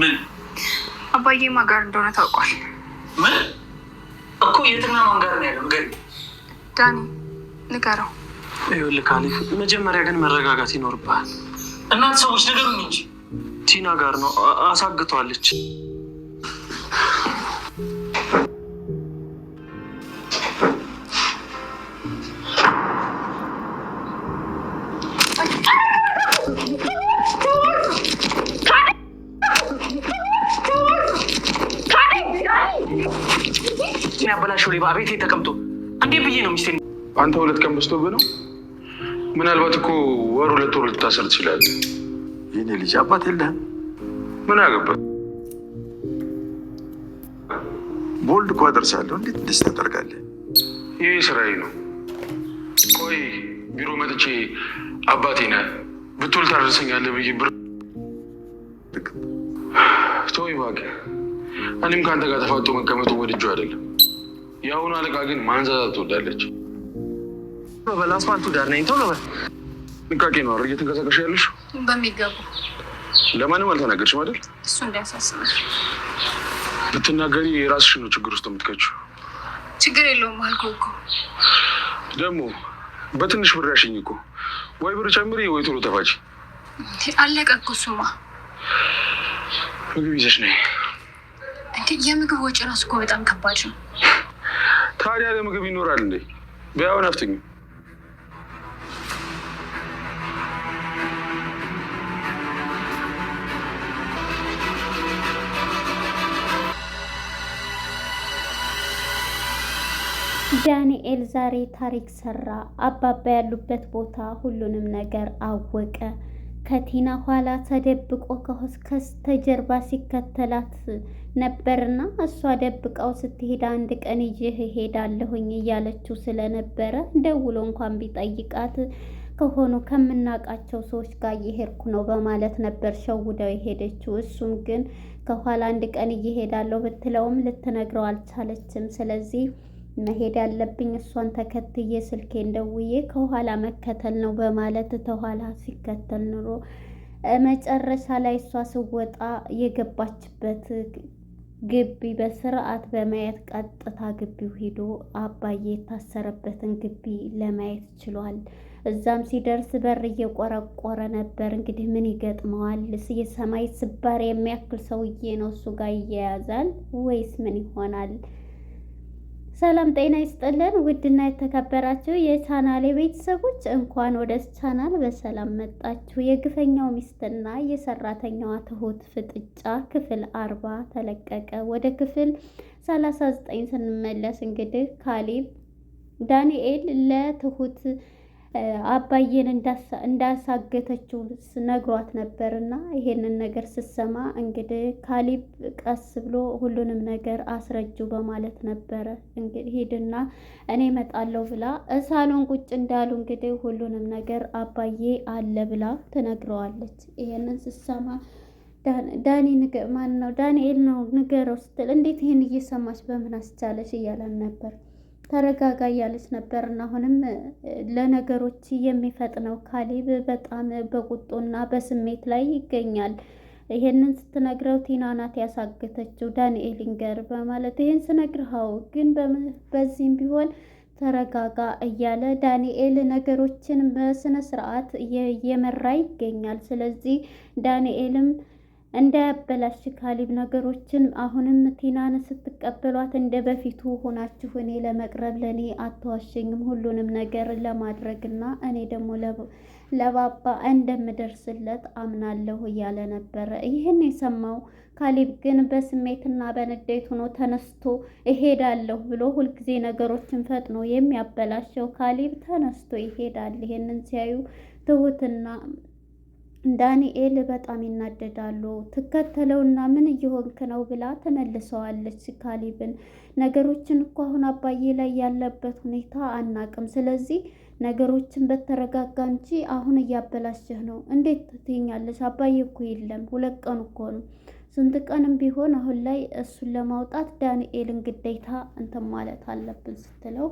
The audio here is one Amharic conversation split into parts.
ምን አባዬ ማ ጋር እንደሆነ ታውቋል። ምን እኮ የትና ማን ጋር ነው ያለው? ንገሪው ዳኒ፣ ንገረው። ይኸውልህ ካሌብ፣ መጀመሪያ ግን መረጋጋት ይኖርብሃል። እናንተ ሰዎች ንገሩኝ እንጂ ቲና ጋር ነው አሳግቷለች። የተበላሸው ሌባ ቤቴ ተቀምጦ እንዴ ብዬ ነው ሚስቴ? አንተ ሁለት ቀን በዝቶብህ ነው። ምናልባት እኮ ወር ሁለት ወር ልታሰር ትችላለህ። የኔ ልጅ አባት የለህም። ምን አገባህ? ቦልድ እኮ አደርሳለሁ። እንዴት እንደዚህ ታደርጋለህ? ይህ ስራዬ ነው። ቆይ ቢሮ መጥቼ አባቴ ነህ ብትውል ታደርሰኛለህ ብዬ ብር ተወው እባክህ። እኔም ከአንተ ጋር ተፋጦ መቀመጡ ወድጄው አይደለም። የአሁኑ አለቃ ግን ማንዛዛት ትወዳለች። በል አስፋልቱ ዳር ነኝ። ቶሎ በል ንቃቄ ነው አረ እየተንቀሳቀሽ ያለሽ በሚገባ ለማንም አልተናገርሽም አይደል? እሱ እንዳያሳስበሽ ብትናገሪ የራስሽ ነው ችግር ውስጥ የምትከችው። ችግር የለውም አልኩህ እኮ ደግሞ በትንሽ ብር ያሽኝ እኮ ወይ ብር ጨምሪ ወይ ቶሎ ተፋጭ። አለቀ እኮ እሱማ። ምግብ ይዘሽ ነይ። የምግብ ወጪ ራሱ እኮ በጣም ከባድ ነው። ታዲያ ለምግብ ይኖራል እንዴ? ቢያው ናፍተኝ ዳንኤል ዛሬ ታሪክ ሰራ። አባባ ያሉበት ቦታ ሁሉንም ነገር አወቀ። ከቲና ኋላ ተደብቆ ከስተጀርባ ሲከተላት ነበርና እሷ ደብቀው ስትሄድ አንድ ቀን ይዤህ እሄዳለሁኝ እያለችው ስለነበረ ደውሎ እንኳን ቢጠይቃት ከሆኑ ከምናውቃቸው ሰዎች ጋር እየሄድኩ ነው በማለት ነበር ሸውደው የሄደችው። እሱም ግን ከኋላ አንድ ቀን እየሄዳለሁ ብትለውም ልትነግረው አልቻለችም። ስለዚህ መሄድ ያለብኝ እሷን ተከትዬ ስልኬን ደውዬ ከኋላ መከተል ነው በማለት ተኋላ ሲከተል ኑሮ መጨረሻ ላይ እሷ ስወጣ የገባችበት ግቢ በስርዓት በማየት ቀጥታ ግቢው ሂዶ አባዬ የታሰረበትን ግቢ ለማየት ችሏል። እዛም ሲደርስ በር እየቆረቆረ ነበር። እንግዲህ ምን ይገጥመዋል? የሰማይ ስባር የሚያክል ሰውዬ ነው እሱ ጋር ይያያዛል ወይስ ምን ይሆናል? ሰላም ጤና ይስጥልን። ውድና የተከበራችሁ የቻናሌ ቤተሰቦች እንኳን ወደ ቻናል በሰላም መጣችሁ። የግፈኛው ሚስትና የሰራተኛዋ ትሁት ፍጥጫ ክፍል አርባ ተለቀቀ። ወደ ክፍል ሰላሳ ዘጠኝ ስንመለስ እንግዲህ ካሌብ ዳንኤል ለትሁት አባዬን እንዳሳገተችው ነግሯት ነበር እና ይሄንን ነገር ስትሰማ እንግዲህ ካሊብ ቀስ ብሎ ሁሉንም ነገር አስረጁ በማለት ነበረ እንግዲህ ሂድና እኔ እመጣለሁ ብላ ሳሎን ቁጭ እንዳሉ እንግዲህ ሁሉንም ነገር አባዬ አለ ብላ ትነግረዋለች። ይሄንን ስትሰማ ዳኒ ማን ነው ዳንኤል ነው ንገረው ስትል እንዴት ይሄን እየሰማች በምን አስቻለች እያለን ነበር ተረጋጋ እያለች ነበር እና አሁንም ለነገሮች የሚፈጥነው ካሌብ በጣም በቁጡና በስሜት ላይ ይገኛል። ይሄንን ስትነግረው ቲና ናት ያሳገተችው ዳንኤል በማለት ይሄን ስነግርኸው ግን በዚህም ቢሆን ተረጋጋ እያለ ዳንኤል ነገሮችን በስነ ስርዓት እየመራ ይገኛል። ስለዚህ ዳንኤልም እንዳያበላሽ ካሊብ ነገሮችን። አሁንም ቲናን ስትቀበሏት እንደ በፊቱ ሆናችሁ እኔ ለመቅረብ ለእኔ አትዋሸኝም፣ ሁሉንም ነገር ለማድረግና እኔ ደግሞ ለባባ እንደምደርስለት አምናለሁ እያለ ነበረ። ይህን የሰማው ካሊብ ግን በስሜትና በንዴት ሆኖ ተነስቶ እሄዳለሁ ብሎ ሁልጊዜ ነገሮችን ፈጥኖ የሚያበላሸው ካሊብ ተነስቶ ይሄዳል። ይህንን ሲያዩ ትሁትና ዳንኤል በጣም ይናደዳሉ። ትከተለውና ምን እየሆንክ ነው ብላ ተመልሰዋለች ካሊብን። ነገሮችን እኮ አሁን አባዬ ላይ ያለበት ሁኔታ አናቅም። ስለዚህ ነገሮችን በተረጋጋ እንጂ አሁን እያበላሸህ ነው። እንዴት ትኛለች አባዬ እኮ የለም፣ ሁለት ቀን እኮ ነው ስንት ቀንም ቢሆን አሁን ላይ እሱን ለማውጣት ዳንኤልን ግዴታ እንትን ማለት አለብን ስትለው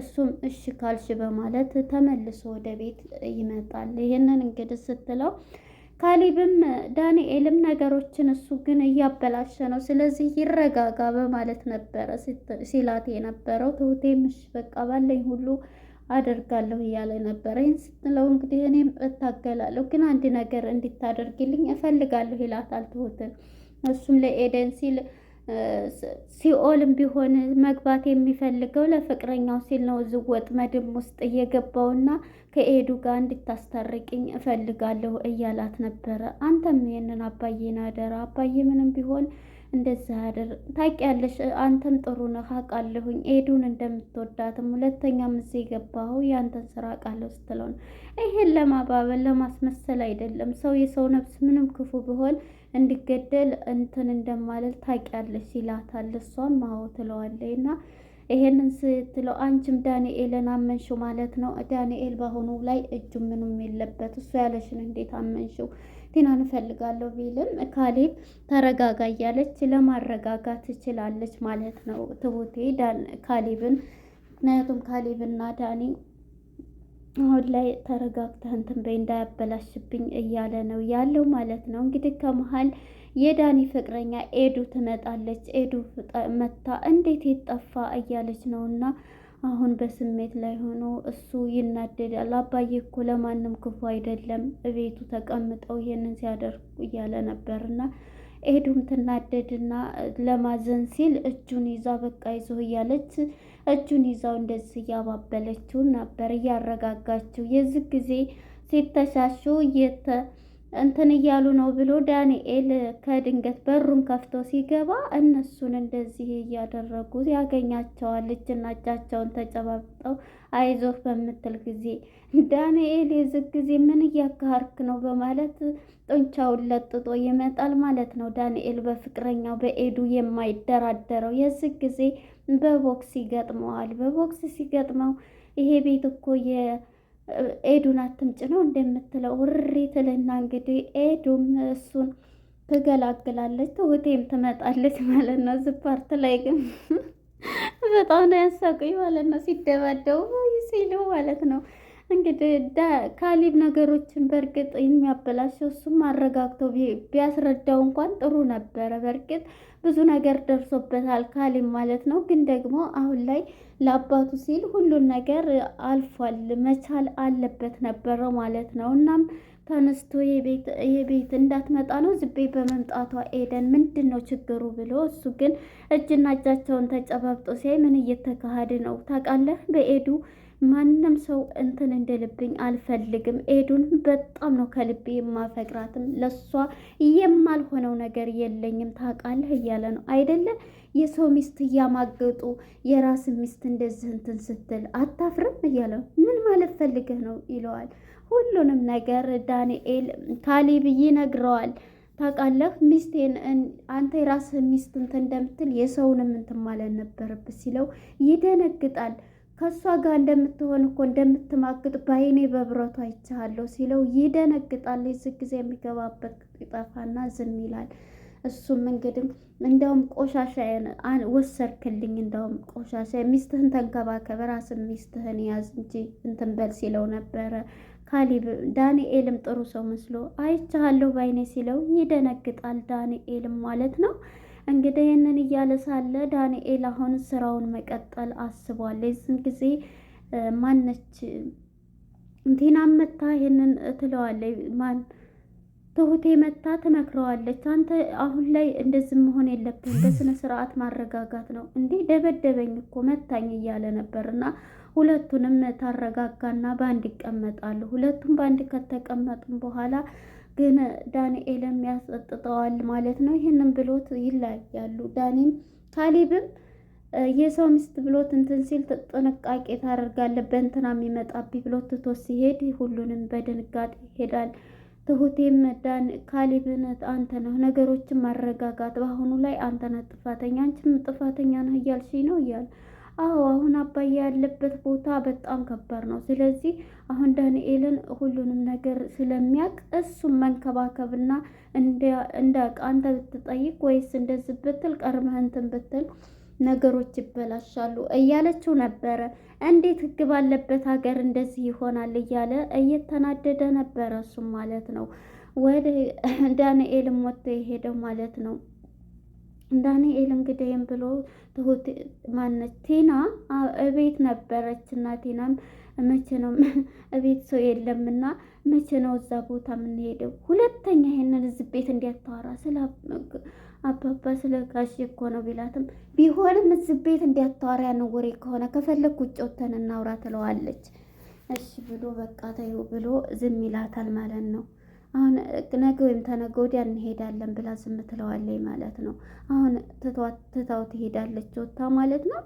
እሱም እሺ ካልሽ በማለት ተመልሶ ወደ ቤት ይመጣል። ይህንን እንግዲህ ስትለው ካሊብም ዳንኤልም ነገሮችን እሱ ግን እያበላሸ ነው፣ ስለዚህ ይረጋጋ በማለት ነበረ ሲላት የነበረው። ትሁቴም እሺ በቃ ባለኝ ሁሉ አደርጋለሁ እያለ ነበረ። ይህን ስትለው እንግዲህ እኔም እታገላለሁ፣ ግን አንድ ነገር እንድታደርግልኝ እፈልጋለሁ ይላታል ትሁትን እሱም ለኤደን ሲል ሲኦልም ቢሆን መግባት የሚፈልገው ለፍቅረኛው ሲል ነው። እዚህ ወጥመድም ውስጥ እየገባውና ከኤዱ ጋር እንድታስታርቅኝ እፈልጋለሁ እያላት ነበረ። አንተም ይሄንን አባዬን አደራ፣ አባዬ ምንም ቢሆን እንደዚህ አደር ታውቂያለሽ። አንተም ጥሩ ነህ አውቃለሁኝ፣ ኤዱን እንደምትወዳትም ሁለተኛም እዚህ የገባኸው የአንተን ስራ አውቃለሁ ስትለው ነው። ይሄን ለማባበል ለማስመሰል አይደለም። ሰው የሰው ነፍስ ምንም ክፉ ቢሆን እንድገደል እንትን እንደማለል ታውቂያለሽ ይላታል። እሷም አዎ ትለዋለች እና ይሄንን ስትለው አንቺም ዳንኤልን አመንሽው ማለት ነው። ዳንኤል በአሁኑ ላይ እጁ ምንም የለበት። እሱ ያለሽን እንዴት አመንሽው? ቲናን እፈልጋለሁ ቢልም ካሌብ ተረጋጋ እያለች ለማረጋጋት ትችላለች ማለት ነው። ትቡቴ ካሌብን ምክንያቱም ካሌብና ዳኒ አሁን ላይ ተረጋግተህ እንትን በይ እንዳያበላሽብኝ እያለ ነው ያለው ማለት ነው። እንግዲህ ከመሀል የዳኒ ፍቅረኛ ኤዱ ትመጣለች። ኤዱ መታ እንዴት የጠፋ እያለች ነው እና አሁን በስሜት ላይ ሆኖ እሱ ይናደዳል። አባዬ እኮ ለማንም ክፉ አይደለም እቤቱ ተቀምጠው ይህንን ሲያደርጉ እያለ ነበር እና ኤዱም ትናደድና ለማዘን ሲል እጁን ይዛ በቃ ይዞ እያለች እጁን ይዛው እንደዚህ እያባበለችው ነበር እያረጋጋችው። የዚህ ጊዜ ሲተሻሹ የተ እንትን እያሉ ነው ብሎ ዳንኤል ከድንገት በሩን ከፍቶ ሲገባ እነሱን እንደዚህ እያደረጉ ያገኛቸዋል። እጅና እጃቸውን ተጨባብጠው አይዞህ በምትል ጊዜ ዳንኤል የዚ ጊዜ ምን እያካርክ ነው በማለት ጡንቻውን ለጥጦ ይመጣል ማለት ነው። ዳንኤል በፍቅረኛው በኤዱ የማይደራደረው የዚህ ጊዜ በቦክስ ይገጥመዋል። በቦክስ ሲገጥመው ይሄ ቤት እኮ የኤዱን አትምጭ ነው እንደምትለው ውሪ ትልና እንግዲህ ኤዱም እሱን ትገላግላለች፣ ትሁቴም ትመጣለች ማለት ነው። እዚህ ፓርት ላይ ግን በጣም ነው ያሳቁኝ ማለት ነው ሲደባደቡ ሲሉ ማለት ነው። እንግዲህ ካሊብ ነገሮችን በእርግጥ የሚያበላሸው እሱም አረጋግቶ ቢያስረዳው እንኳን ጥሩ ነበረ። በእርግጥ ብዙ ነገር ደርሶበታል ካሊም ማለት ነው። ግን ደግሞ አሁን ላይ ለአባቱ ሲል ሁሉን ነገር አልፏል፣ መቻል አለበት ነበረ ማለት ነው። እናም ተነስቶ የቤት እንዳትመጣ ነው ዝቤ በመምጣቷ ኤደን ምንድን ነው ችግሩ ብሎ እሱ ግን እጅና እጃቸውን ተጨባብጦ ሲያይ ምን እየተካሄደ ነው ታውቃለህ በኤዱ ማንም ሰው እንትን እንድልብኝ አልፈልግም። ኤዱን በጣም ነው ከልቤ የማፈቅራትም ለሷ የማልሆነው ነገር የለኝም ታውቃለህ እያለ ነው አይደለ? የሰው ሚስት እያማገጡ የራስ ሚስት እንደዚህ እንትን ስትል አታፍርም እያለ ነው። ምን ማለት ፈልገህ ነው ይለዋል። ሁሉንም ነገር ዳንኤል ካሌብ ይነግረዋል። ታውቃለህ ሚስቴን አንተ የራስህን ሚስት እንትን እንደምትል የሰውንም እንትን ማለት ነበረብህ ሲለው ይደነግጣል። ከእሷ ጋር እንደምትሆን እኮ እንደምትማግጥ በዓይኔ በብረቱ አይቻለሁ ሲለው ይደነግጣል። የዚህ ጊዜ የሚገባበት ይጠፋና ዝም ይላል። እሱም እንግዲህ እንደውም ቆሻሻ ወሰድክልኝ፣ እንደውም ቆሻሻ ሚስትህን ተንከባከብ፣ ራስን ሚስትህን ያዝ እንጂ እንትን በል ሲለው ነበረ። ካሊብ ዳንኤልም ጥሩ ሰው መስሎ አይቻለሁ በዓይኔ ሲለው ይደነግጣል። ዳንኤልም ማለት ነው እንግዲህ ይህንን እያለ ሳለ ዳንኤል አሁን ስራውን መቀጠል አስቧል። የዚህን ጊዜ ማነች እንቲና መታ ይህንን ትለዋለች። ማን ትሁቴ መታ ትመክረዋለች። አንተ አሁን ላይ እንደዚህ መሆን የለብህም፣ በስነ ስርዓት ማረጋጋት ነው። እንዴ ደበደበኝ እኮ መታኝ እያለ ነበር እና ሁለቱንም ታረጋጋና በአንድ ይቀመጣሉ። ሁለቱም በአንድ ከተቀመጡም በኋላ ግን ዳንኤልም ያስጠጥጠዋል ማለት ነው። ይህንን ብሎት ይለያያሉ። ዳኒም ካሊብም የሰው ሚስት ብሎት እንትን ሲል ጥንቃቄ ታደርጋለህ፣ በእንትና የሚመጣብህ ብሎት ትቶ ሲሄድ ሁሉንም በድንጋጤ ይሄዳል። ትሁቴም ካሊብን አንተ ነህ ነገሮችን ማረጋጋት፣ በአሁኑ ላይ አንተ ነህ ጥፋተኛ፣ አንቺም ጥፋተኛ ነህ እያልሽኝ ነው እያለ አዎ አሁን አባዬ ያለበት ቦታ በጣም ከባድ ነው። ስለዚህ አሁን ዳንኤልን ሁሉንም ነገር ስለሚያውቅ መንከባከብ መንከባከብና እንደ አንተ ብትጠይቅ ወይስ እንደዚህ ብትል ቀርመህ እንትን ብትል ነገሮች ይበላሻሉ እያለችው ነበረ። እንዴት ህግ ባለበት ሀገር እንደዚህ ይሆናል እያለ እየተናደደ ነበረ እሱም ማለት ነው። ወደ ዳንኤልም ወጥቶ የሄደው ማለት ነው። ዳንኤል እንግዲህም ብሎ ትሁት ማነች ቲና እቤት ነበረች እና ቲናም መቼ ነው እቤት ሰው የለም የለምና መቼ ነው እዛ ቦታ የምንሄደው? ሁለተኛ ይሄንን እዚህ ቤት እንዲያታወራ ስለ አባባ ስለ ጋሽ እኮ ነው ቢላትም ቢሆንም እዚህ ቤት እንዲያታወራ ያነው ወሬ ከሆነ ከፈለግ ውጭ ወተን እናውራ ትለዋለች። እሺ ብሎ በቃ ተይው ብሎ ዝም ይላታል ማለት ነው። አሁን ነገ ወይም ተነገ ወዲያ እንሄዳለን ብላ ዝም ትለዋለች ማለት ነው። አሁን ትታው ትሄዳለች ወታ ማለት ነው።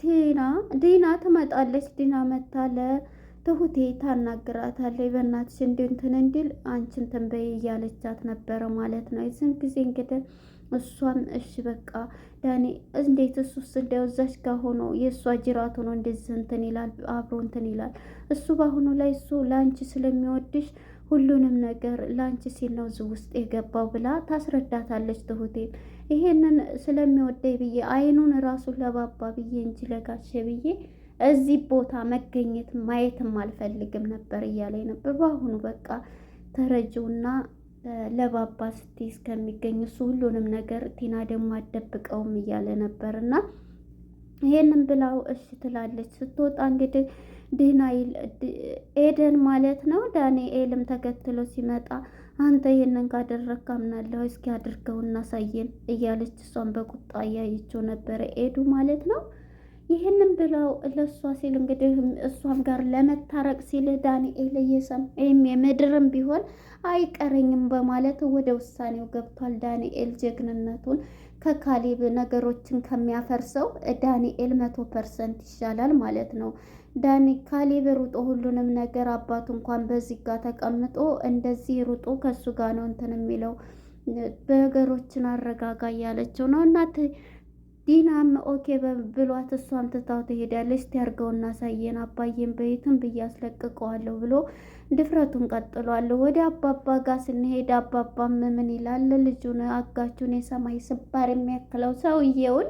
ቲና ዲና ትመጣለች። ዲና መታ ለትሁቴ ታናግራታለች። በእናትሽ እንዲሁ እንትን እንዲል አንቺ እንትን በይ እያለቻት ነበረ ማለት ነው። የዚህን ጊዜ እንግዲህ እሷም እሺ በቃ ዳኔ እንዴት እሱስ እንዲያው እዛች ጋር ሆኖ የእሷ ጅራት ሆኖ እንደዚህ እንትን ይላል አብሮ እንትን ይላል እሱ በአሁኑ ላይ እሱ ለአንቺ ስለሚወድሽ ሁሉንም ነገር ለአንቺ ሲል ነው እዚህ ውስጥ የገባው ብላ ታስረዳታለች። ትሁቴ ይሄንን ስለሚወደኝ ብዬ አይኑን ራሱ ለባባ ብዬ እንጂ ለጋሼ ብዬ እዚህ ቦታ መገኘት ማየትም አልፈልግም ነበር እያለ ነበር። በአሁኑ በቃ ተረጂውና ለባባ ስትይ እስከሚገኝ እሱ ሁሉንም ነገር ቲና ደግሞ አደብቀውም እያለ ነበር እና ይሄንን ብላው እሺ ትላለች። ስትወጣ እንግዲህ ድህና ኤደን ማለት ነው ዳንኤልም ተከትሎ ሲመጣ አንተ ይህንን ካደረግክ አምናለሁ፣ እስኪ አድርገው እናሳየን እያለች እሷን በቁጣ እያየችው ነበረ ኤዱ ማለት ነው። ይህንን ብለው ለእሷ ሲል እንግዲህ እሷም ጋር ለመታረቅ ሲል ዳንኤል እየሰም ወይም የምድርም ቢሆን አይቀረኝም በማለት ወደ ውሳኔው ገብቷል። ዳንኤል ጀግንነቱን ከካሌብ ነገሮችን ከሚያፈርሰው ዳንኤል መቶ ፐርሰንት ይሻላል ማለት ነው። ዳኒ ካሌብ ሩጦ ሁሉንም ነገር አባቱ እንኳን በዚህ ጋር ተቀምጦ እንደዚህ ሩጦ ከእሱ ጋር ነው እንትን የሚለው ነገሮችን አረጋጋ እያለችው ነው እናት ዲናም ኦኬ ብሏት እሷም ትታው ትሄዳለች። እስቲ እናሳየን ሳየን አባዬን በየትም ብዬ አስለቅቀዋለሁ ብሎ ድፍረቱን ቀጥሏል። ወደ አባባ ጋር ስንሄድ አባባም ምን ይላል? ልጁን አጋቹን የሰማይ ስባር የሚያክለው ሰውዬውን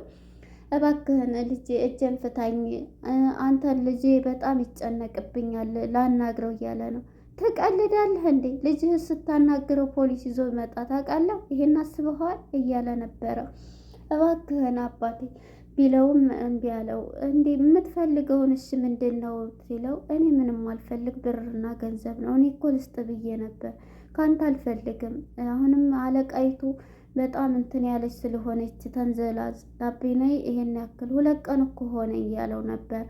እባክህን ልጄ እጄን ፍታኝ፣ አንተ ልጄ በጣም ይጨነቅብኛል፣ ላናግረው እያለ ነው። ትቀልዳለህ እንዴ? ልጅህ ስታናግረው ፖሊስ ይዞ ይመጣ ታውቃለህ? ይሄን አስበኸዋል? እያለ ነበረ እባክህን አባቴ ቢለውም እምቢ አለው። እንዴ የምትፈልገውን እሺ ምንድን ነው ሲለው፣ እኔ ምንም አልፈልግ ብርና ገንዘብ ነው። እኔ እኮ ልስጥ ብዬ ነበር፣ ካንተ አልፈልግም። አሁንም አለቃይቱ በጣም እንትን ያለች ስለሆነች ተንዘላዝ ዳቤናይ ይሄን ያክል ሁለት ቀን እኮ ሆነ እያለው ነበር።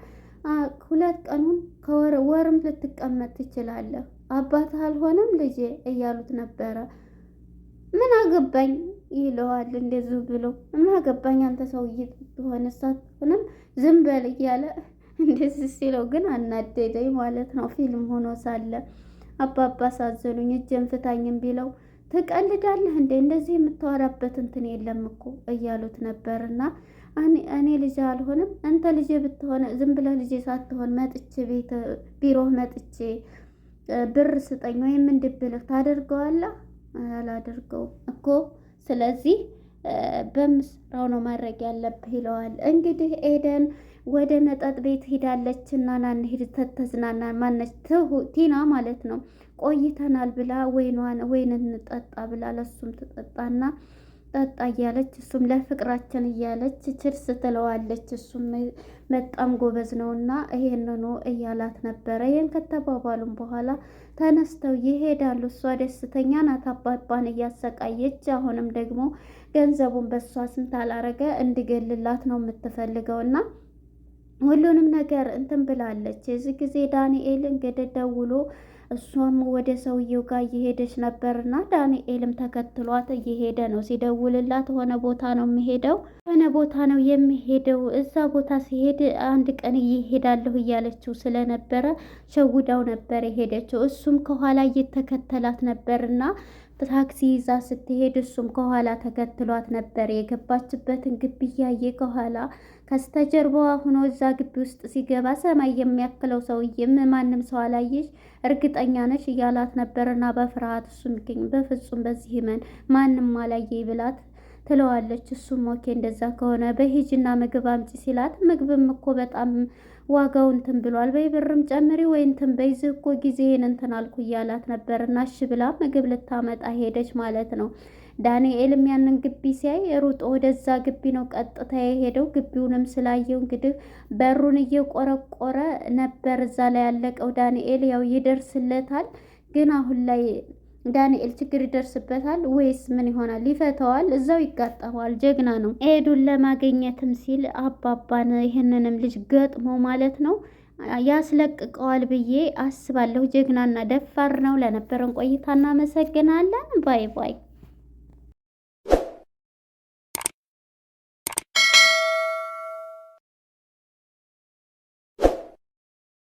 ሁለት ቀኑን ከወርም ወርም ልትቀመጥ ትችላለህ፣ አባት አልሆነም ልጄ እያሉት ነበረ። ምን አገባኝ ይለዋል እንደዚሁ ብሎ እና ገባኝ አንተ ሰውዬ ብሆን ሳትሆንም ዝም በል እያለ እንደዚህ ሲለው ግን አናደደኝ ማለት ነው። ፊልም ሆኖ ሳለ አባባ ሳዘኑኝ እጄን ፍታኝም ቢለው ትቀልዳለህ እንደ እንደዚህ የምታወራበት እንትን የለም እኮ እያሉት ነበር። እና እኔ ልጅ አልሆንም አንተ ልጅ ብትሆነ ዝም ብለህ ልጅ ሳትሆን መጥቼ ቤት ቢሮ መጥቼ ብር ስጠኝ ወይም እንድብልህ ታደርገዋለህ? አላደርገውም እኮ ስለዚህ በምሰራው ነው ማድረግ ያለብህ ይለዋል። እንግዲህ ኤደን ወደ መጠጥ ቤት ሄዳለች እና ናን ሂድ ተዝናና ማነች ቲና ማለት ነው ቆይተናል ብላ ወይኗን ወይን እንጠጣ ብላ ለሱም ትጠጣና ጠጣ እያለች እሱም ለፍቅራችን እያለች ችርስ ትለዋለች። እሱም በጣም ጎበዝ ነውና ይሄንኑ እያላት ነበረ። ይህን ከተባባሉም በኋላ ተነስተው ይሄዳሉ። እሷ ደስተኛ ናት፣ አባባን እያሰቃየች አሁንም ደግሞ ገንዘቡን በእሷ ስም ታላረገ እንድገልላት ነው የምትፈልገው እና ሁሉንም ነገር እንትን ብላለች። የዚህ ጊዜ ዳንኤል እንግዲህ ደውሎ እሷም ወደ ሰውየው ጋር እየሄደች ነበርና ዳንኤልም ተከትሏት እየሄደ ነው። ሲደውልላት ሆነ ቦታ ነው የሚሄደው። ሆነ ቦታ ነው የሚሄደው እዛ ቦታ ሲሄድ አንድ ቀን እየሄዳለሁ እያለችው ስለነበረ ሸውዳው ነበር የሄደችው። እሱም ከኋላ እየተከተላት ነበርና ታክሲ ይዛ ስትሄድ እሱም ከኋላ ተከትሏት ነበር። የገባችበትን ግቢ እያየ ከኋላ ከስተጀርባዋ ሆኖ እዛ ግቢ ውስጥ ሲገባ ሰማይ የሚያክለው ሰውዬም ማንም ሰው አላየሽ እርግጠኛ ነሽ እያላት ነበርና በፍርሃት እሱ የሚገኝ በፍጹም በዚህ መን ማንም አላየ ብላት ትለዋለች። እሱም ኦኬ እንደዛ ከሆነ በሂጅና ምግብ አምጪ ሲላት ምግብም እኮ በጣም ዋጋው እንትን ብሏል፣ በይ ብርም ጨምሪ ወይ እንትን በይ ዝህ እኮ ጊዜህን እንትን አልኩ እያላት ነበርና እሺ ብላ ምግብ ልታመጣ ሄደች ማለት ነው። ዳንኤልም ያንን ግቢ ሲያይ ሩጦ ወደዛ ግቢ ነው ቀጥታ የሄደው። ግቢውንም ስላየው እንግዲህ በሩን እየቆረቆረ ነበር። እዛ ላይ ያለቀው ዳንኤል ያው ይደርስለታል። ግን አሁን ላይ ዳንኤል ችግር ይደርስበታል ወይስ ምን ይሆናል? ይፈተዋል? እዛው ይጋጠመዋል? ጀግና ነው። ኤዱን ለማግኘትም ሲል አባባን ይህንንም ልጅ ገጥሞ ማለት ነው ያስለቅቀዋል ብዬ አስባለሁ። ጀግናና ደፋር ነው። ለነበረን ቆይታ እናመሰግናለን። ባይ ባይ።